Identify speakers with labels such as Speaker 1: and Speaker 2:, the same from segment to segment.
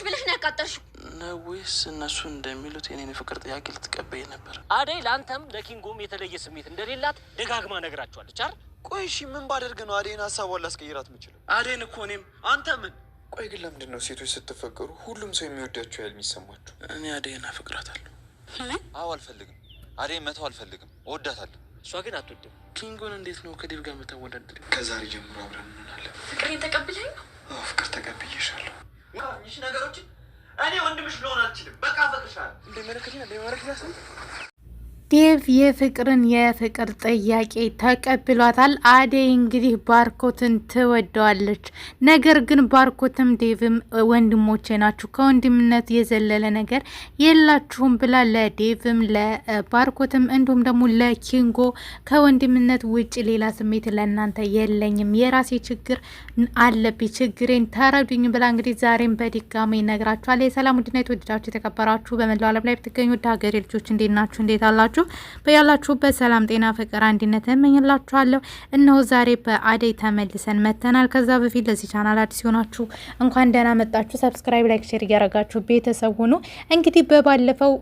Speaker 1: ጭራሽ ብለሽ ነው ያቃጠልሽው
Speaker 2: ነው ወይስ እነሱ እንደሚሉት የኔን የፍቅር ጥያቄ ልትቀበይ ነበር?
Speaker 1: አደይ ለአንተም ለኪንጎም የተለየ ስሜት እንደሌላት ደጋግማ ነግራቸዋለች አይደል?
Speaker 2: ቆይ እሺ ምን ባደርግ ነው አደይን ሀሳቧን ላስቀይራት የምችለው?
Speaker 1: አደይን እኮ እኔም አንተ ምን
Speaker 2: ቆይ ግን ለምንድን ነው ሴቶች ስትፈቀሩ ሁሉም ሰው የሚወዳቸው ያህል የሚሰማቸው? እኔ አደይን አፈቅራታለሁ። አዎ አልፈልግም። አደይን መተው አልፈልግም። እወዳታለሁ።
Speaker 1: እሷ ግን አትወድም።
Speaker 2: ኪንጎን እንዴት ነው ከዴቭ ጋር የምታወዳድሪው? ከዛሬ ጀምሮ አብረን እንሆናለን።
Speaker 1: ፍቅሬን ተቀብለኝ ነው?
Speaker 2: ፍቅር ተቀብዬሻለሁ።
Speaker 1: ነገሮች እኔ ወንድምሽ ልሆን አልችልም። በቃ ፈቅሻል
Speaker 3: ዴቭ የፍቅርን የፍቅር ጥያቄ ተቀብሏታል። አደይ እንግዲህ ባርኮትን ትወደዋለች። ነገር ግን ባርኮትም ዴቭም ወንድሞቼ ናችሁ ከወንድምነት የዘለለ ነገር የላችሁም ብላ ለዴቭም ለባርኮትም እንዲሁም ደግሞ ለኪንጎ ከወንድምነት ውጭ ሌላ ስሜት ለእናንተ የለኝም፣ የራሴ ችግር አለብኝ፣ ችግሬን ተረዱኝ ብላ እንግዲህ ዛሬም በድጋሚ ይነግራችኋል። የሰላም ውድና የተወደዳችሁ የተከበራችሁ በመላው ዓለም ላይ ብትገኙ ወደ ሀገሬ ልጆች እንዴት ናችሁ? እንዴት አላችሁ? ያደረጋችሁ። በያላችሁበት ሰላም፣ ጤና፣ ፍቅር፣ አንድነት እመኝላችኋለሁ። እነሆ ዛሬ በአደይ ተመልሰን መተናል። ከዛ በፊት ለዚህ ቻናል አዲስ ሲሆናችሁ እንኳን ደህና መጣችሁ። ሰብስክራይብ፣ ላይክ፣ ሼር እያደረጋችሁ ቤተሰብ ሁኑ። እንግዲህ በባለፈው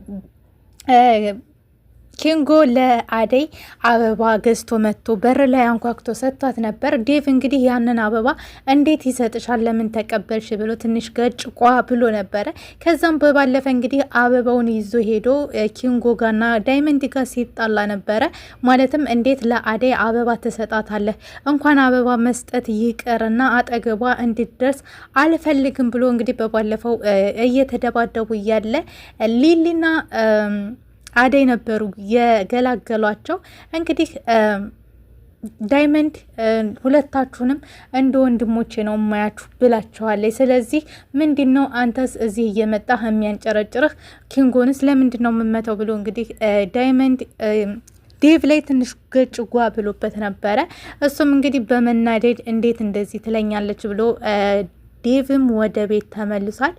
Speaker 3: ኪንጎ ለአደይ አበባ ገዝቶ መጥቶ በር ላይ አንኳኩቶ ሰጥቷት ነበር። ዴቭ እንግዲህ ያንን አበባ እንዴት ይሰጥሻል ለምን ተቀበልሽ ብሎ ትንሽ ገጭ ቋ ብሎ ነበረ። ከዛም በባለፈ እንግዲህ አበባውን ይዞ ሄዶ ኪንጎ ጋና ዳይመንድ ጋር ሲጣላ ነበረ። ማለትም እንዴት ለአደይ አበባ ትሰጣታለህ? እንኳን አበባ መስጠት ይቅርና አጠገቧ እንድደርስ አልፈልግም ብሎ እንግዲህ በባለፈው እየተደባደቡ እያለ ሊሊና አደይ ነበሩ የገላገሏቸው። እንግዲህ ዳይመንድ ሁለታችሁንም እንደ ወንድሞቼ ነው የማያችሁ ብላችኋለች። ስለዚህ ምንድን ነው አንተስ እዚህ እየመጣ የሚያንጨረጭርህ ኪንጎንስ ለምንድን ነው የምመተው ብሎ እንግዲህ ዳይመንድ ዴቭ ላይ ትንሽ ገጭጓ ብሎበት ነበረ። እሱም እንግዲህ በመናደድ እንዴት እንደዚህ ትለኛለች ብሎ ዴቭም ወደ ቤት ተመልሷል።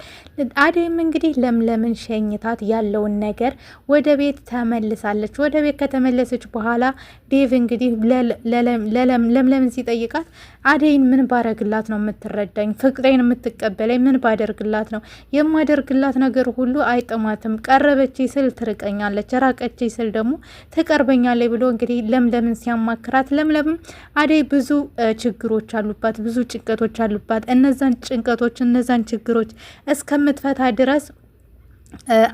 Speaker 3: አደይም እንግዲህ ለምለምን ሸኝታት ያለውን ነገር ወደ ቤት ተመልሳለች። ወደ ቤት ከተመለሰች በኋላ ዴቭ እንግዲህ ለምለምን ሲጠይቃት አደይን ምን ባረግላት ነው የምትረዳኝ? ፍቅሬን የምትቀበለኝ ምን ባደርግላት ነው? የማደርግላት ነገር ሁሉ አይጥማትም። ቀረበች ስል ትርቀኛለች፣ ራቀች ስል ደግሞ ትቀርበኛለች ብሎ እንግዲህ ለምለምን ሲያማክራት ለምለምም አደይ ብዙ ችግሮች አሉባት፣ ብዙ ጭንቀቶች አሉባት እነዛን ጭንቀቶች፣ እነዛን ችግሮች እስከምትፈታ ድረስ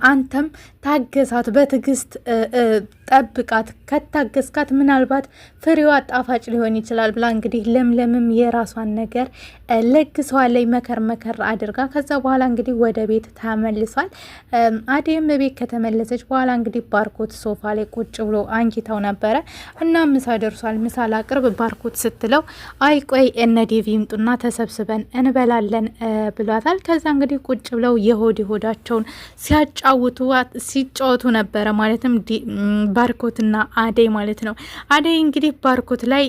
Speaker 3: አንተም ታገሳት፣ በትዕግስት ጠብቃት። ከታገስካት ምናልባት ፍሬዋ ጣፋጭ ሊሆን ይችላል ብላ እንግዲህ ለምለምም የራሷን ነገር ለግሷ ላይ መከር መከር አድርጋ። ከዛ በኋላ እንግዲህ ወደ ቤት ተመልሷል። አዴም ቤት ከተመለሰች በኋላ እንግዲህ ባርኮት ሶፋ ላይ ቁጭ ብሎ አንኪታው ነበረ እና ምሳ ደርሷል፣ ምሳ ላቅርብ ባርኮት ስትለው አይ ቆይ እነ ዴቪ ይምጡና ተሰብስበን እንበላለን ብሏታል። ከዛ እንግዲህ ቁጭ ብለው የሆድ የሆዳቸውን ሲያጫውቱ ሲጫወቱ ነበረ። ማለትም ባርኮትና አደይ ማለት ነው። አደይ እንግዲህ ባርኮት ላይ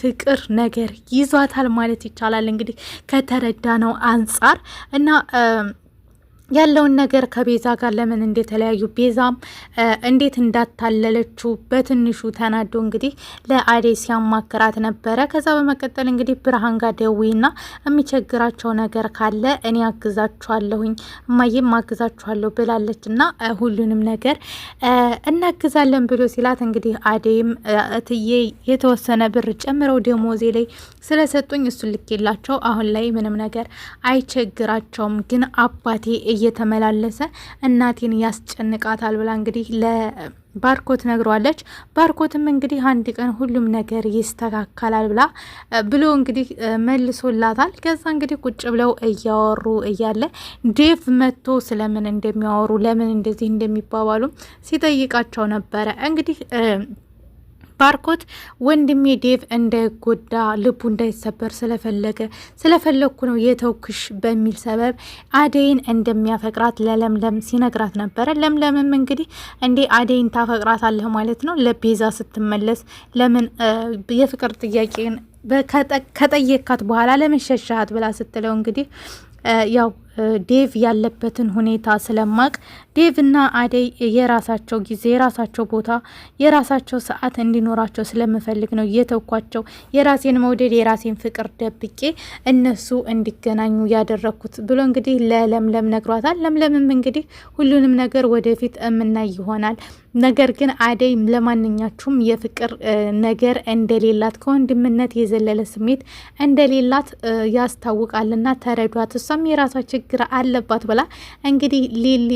Speaker 3: ፍቅር ነገር ይዟታል ማለት ይቻላል እንግዲህ ከተረዳ ነው አንጻር እና ያለውን ነገር ከቤዛ ጋር ለምን እንደተለያዩ ቤዛ እንዴት እንዳታለለችው በትንሹ ተናዶ እንግዲህ ለአዴ ሲያማክራት ነበረ። ከዛ በመቀጠል እንግዲህ ብርሃን ጋር ና የሚቸግራቸው ነገር ካለ እኔ አግዛችኋለሁኝ እማዬም አግዛችኋለሁ ብላለች እና ሁሉንም ነገር እናግዛለን ብሎ ሲላት እንግዲህ አዴም እትዬ የተወሰነ ብር ጨምረው ደሞዜ ላይ ስለሰጡኝ እሱን ልኬላቸው አሁን ላይ ምንም ነገር አይቸግራቸውም፣ ግን አባቴ እየተመላለሰ እናቴን ያስጨንቃታል ብላ እንግዲህ ለባርኮት ነግሯለች። ባርኮትም እንግዲህ አንድ ቀን ሁሉም ነገር ይስተካከላል ብላ ብሎ እንግዲህ መልሶላታል። ከዛ እንግዲህ ቁጭ ብለው እያወሩ እያለ ዴቭ መጥቶ ስለምን እንደሚያወሩ ለምን እንደዚህ እንደሚባባሉ ሲጠይቃቸው ነበረ እንግዲህ ባርኮት ወንድሜ ዴቭ እንዳይጎዳ ልቡ እንዳይሰበር ስለፈለገ ስለፈለግኩ ነው የተውክሽ በሚል ሰበብ አደይን እንደሚያፈቅራት ለለምለም ሲነግራት ነበረ። ለምለምም እንግዲህ እንዴ አደይን ታፈቅራታለህ ማለት ነው ለቤዛ ስትመለስ ለምን የፍቅር ጥያቄን ከጠየካት በኋላ ለምን ሸሻሃት ብላ ስትለው እንግዲህ ያው ዴቭ ያለበትን ሁኔታ ስለማቅ ዴቭ እና አደይ የራሳቸው ጊዜ፣ የራሳቸው ቦታ፣ የራሳቸው ሰዓት እንዲኖራቸው ስለምፈልግ ነው እየተኳቸው የራሴን መውደድ፣ የራሴን ፍቅር ደብቄ እነሱ እንዲገናኙ ያደረግኩት ብሎ እንግዲህ ለለምለም ነግሯታል። ለምለምም እንግዲህ ሁሉንም ነገር ወደፊት የምናይ ይሆናል። ነገር ግን አደይ ለማንኛችሁም የፍቅር ነገር እንደሌላት ከወንድምነት የዘለለ ስሜት እንደሌላት ያስታውቃልና ተረዷት። እሷም የራሳቸው ችግር አለባት ብላ እንግዲህ ሊሊ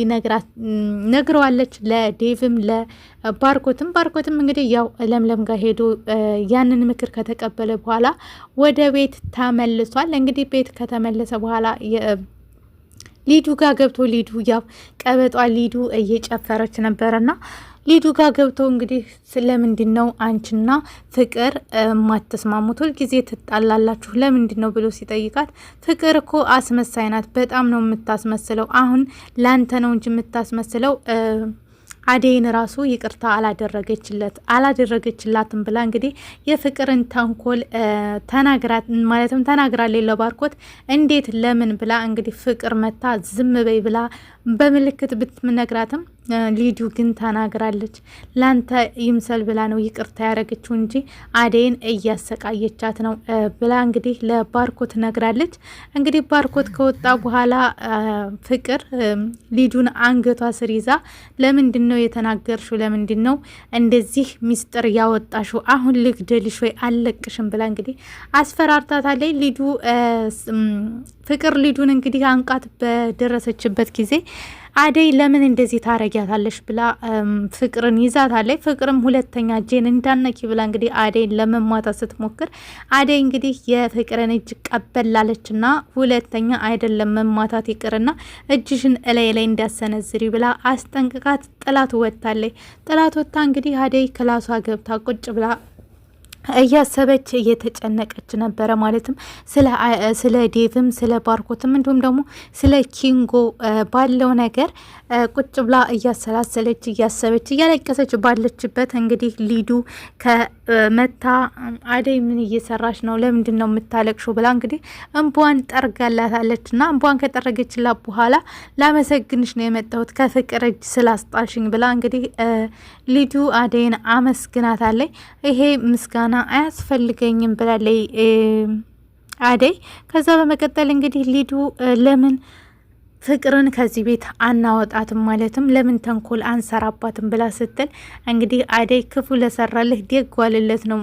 Speaker 3: ነግረዋለች ለዴቭም ለባርኮትም። ባርኮትም እንግዲህ ያው ለምለም ጋር ሄዶ ያንን ምክር ከተቀበለ በኋላ ወደ ቤት ተመልሷል። እንግዲህ ቤት ከተመለሰ በኋላ ሊዱ ጋር ገብቶ ሊዱ ያው ቀበጧ ሊዱ እየጨፈረች ነበረና ሊዱ ጋር ገብተው እንግዲህ ስለምንድን ነው አንቺና ፍቅር የማትስማሙት? ሁልጊዜ ትጣላላችሁ ለምንድን ነው ብሎ ሲጠይቃት ፍቅር እኮ አስመሳይ ናት፣ በጣም ነው የምታስመስለው። አሁን ላንተ ነው እንጂ የምታስመስለው አደይን ራሱ ይቅርታ አላደረገችለት አላደረገችላትም ብላ እንግዲህ የፍቅርን ተንኮል ተናግራት ማለትም ተናግራ ሌለው ባርኮት እንዴት ለምን ብላ እንግዲህ ፍቅር መታ ዝም በይ ብላ በምልክት ብትነግራትም ሊዱ ግን ተናግራለች። ላንተ ይምሰል ብላ ነው ይቅርታ ያደረገችው እንጂ አደይን እያሰቃየቻት ነው ብላ እንግዲህ ለባርኮት ነግራለች። እንግዲህ ባርኮት ከወጣ በኋላ ፍቅር ሊዱን አንገቷ ስር ይዛ ለምንድን ነው የተናገርሹ? ለምንድን ነው እንደዚህ ሚስጥር ያወጣሹ? አሁን ልግደልሽ ወይ አልለቅሽም ብላ እንግዲህ አስፈራርታታለች። ሊዱ ፍቅር ሊዱን እንግዲህ አንቃት በደረሰችበት ጊዜ አደይ ለምን እንደዚህ ታረጊያታለሽ ብላ ፍቅርን ይዛታለች። ፍቅርም ሁለተኛ እጄን እንዳነኪ ብላ እንግዲህ አደይን ለመሟታት ስትሞክር አደይ እንግዲህ የፍቅርን እጅ ቀበላለች ና ሁለተኛ አይደለም መሟታት ይቅርና እጅሽን እላይ ላይ እንዳሰነዝሪ ብላ አስጠንቅቃት ጥላት ወጥታለች። ጥላት ወጥታ እንግዲህ አደይ ክላሷ ገብታ ቁጭ ብላ እያሰበች እየተጨነቀች ነበረ። ማለትም ስለ ዴቭም ስለ ባርኮትም እንዲሁም ደግሞ ስለ ኪንጎ ባለው ነገር ቁጭ ብላ እያሰላሰለች እያሰበች እያለቀሰች ባለችበት እንግዲህ ሊዱ መታ አደይ ምን እየሰራች ነው? ለምንድን ነው የምታለቅሾ? ብላ እንግዲህ እንቧን ጠርጋላታለች። እና እንቧን ከጠረገችላት በኋላ ላመሰግንሽ ነው የመጣሁት ከፍቅር እጅ ስላስጣልሽኝ ብላ እንግዲህ ልጁ አደይን አመስግናታለች። ይሄ ምስጋና አያስፈልገኝም ብላለች አደይ። ከዛ በመቀጠል እንግዲህ ልጁ ለምን ፍቅርን ከዚህ ቤት አናወጣትም ማለትም ለምን ተንኮል አንሰራባትም ብላ ስትል እንግዲህ አደይ ክፉ ለሰራልህ ደግ ዋልለት ነው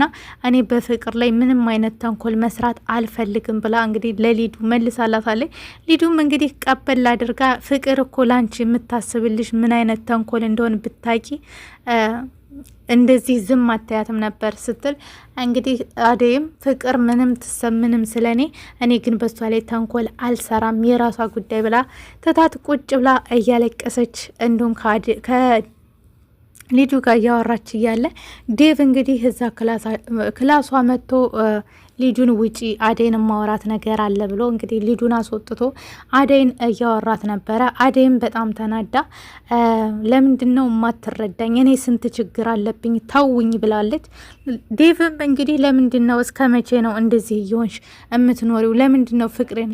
Speaker 3: ና እኔ በፍቅር ላይ ምንም አይነት ተንኮል መስራት አልፈልግም ብላ እንግዲህ ለሊዱ መልሳላታለች። ሊዱም እንግዲህ ቀበል አድርጋ ፍቅር እኮ ላንቺ የምታስብልሽ ምን አይነት ተንኮል እንደሆን ብታቂ እንደዚህ ዝም አታያትም ነበር ስትል እንግዲህ አደይም ፍቅር ምንም ትሰብ ምንም ስለኔ እኔ ግን በሷ ላይ ተንኮል አልሰራም የራሷ ጉዳይ ብላ ትታት ቁጭ ብላ እያለቀሰች እንዲሁም ልጁ ጋር እያወራች እያለ ዴቭ እንግዲህ እዛ ክላሷ መጥቶ ልጁን ውጪ አደይን ማወራት ነገር አለ ብሎ እንግዲህ ልጁን አስወጥቶ አደይን እያወራት ነበረ። አደይም በጣም ተናዳ ለምንድን ነው የማትረዳኝ? እኔ ስንት ችግር አለብኝ ታውኝ ብላለች። ዴቭም እንግዲህ ለምንድን ነው እስከ መቼ ነው እንደዚህ እየሆንሽ የምትኖሪው? ለምንድን ነው ፍቅሬን